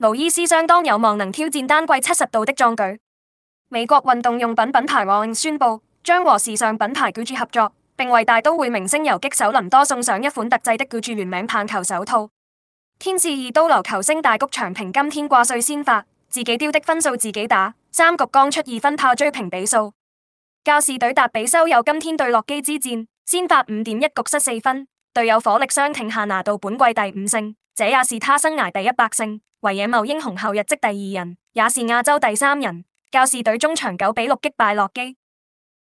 盧伊斯相當有望能挑戰單季七十度的壯舉。美國運動用品品牌案宣布將和時尚品牌 GUCCI 合作，並為大都會明星游擊手林多送上一款特製的 GUCCI 聯名棒球手套。天使二刀流球星大谷翔平今天掛帥先發，自己丟的分數自己打，三局剛出二分炮追平比數。教士隊達比修有今天對洛基之戰，先發五點一局失四分。隊友火力相挺下，拿到本季第五勝，這也是他生涯第一百勝，為野茂英雄後日職第二人，也是亞洲第三人。教士隊終場九比六擊敗洛基。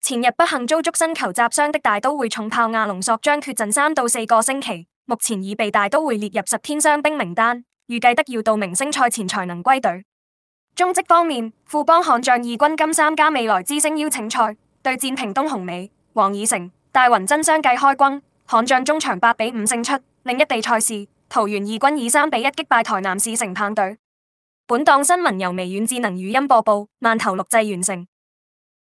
前日不幸遭觸身球砸傷的大都會重炮亞龍索將缺陣三到四個星期，目前已被大都會列入十天傷兵名單，預計得要到明星賽前才能歸隊。中職方面，富邦悍將二軍今參加未來之星邀請賽對戰屏東紅尾黃以誠、戴雲真相繼開轟。悍將中場八比五勝出，另一地賽事，桃園二軍以三比一擊敗台南市成棒隊。本檔新聞由微軟智能語音播報，慢頭錄製完成。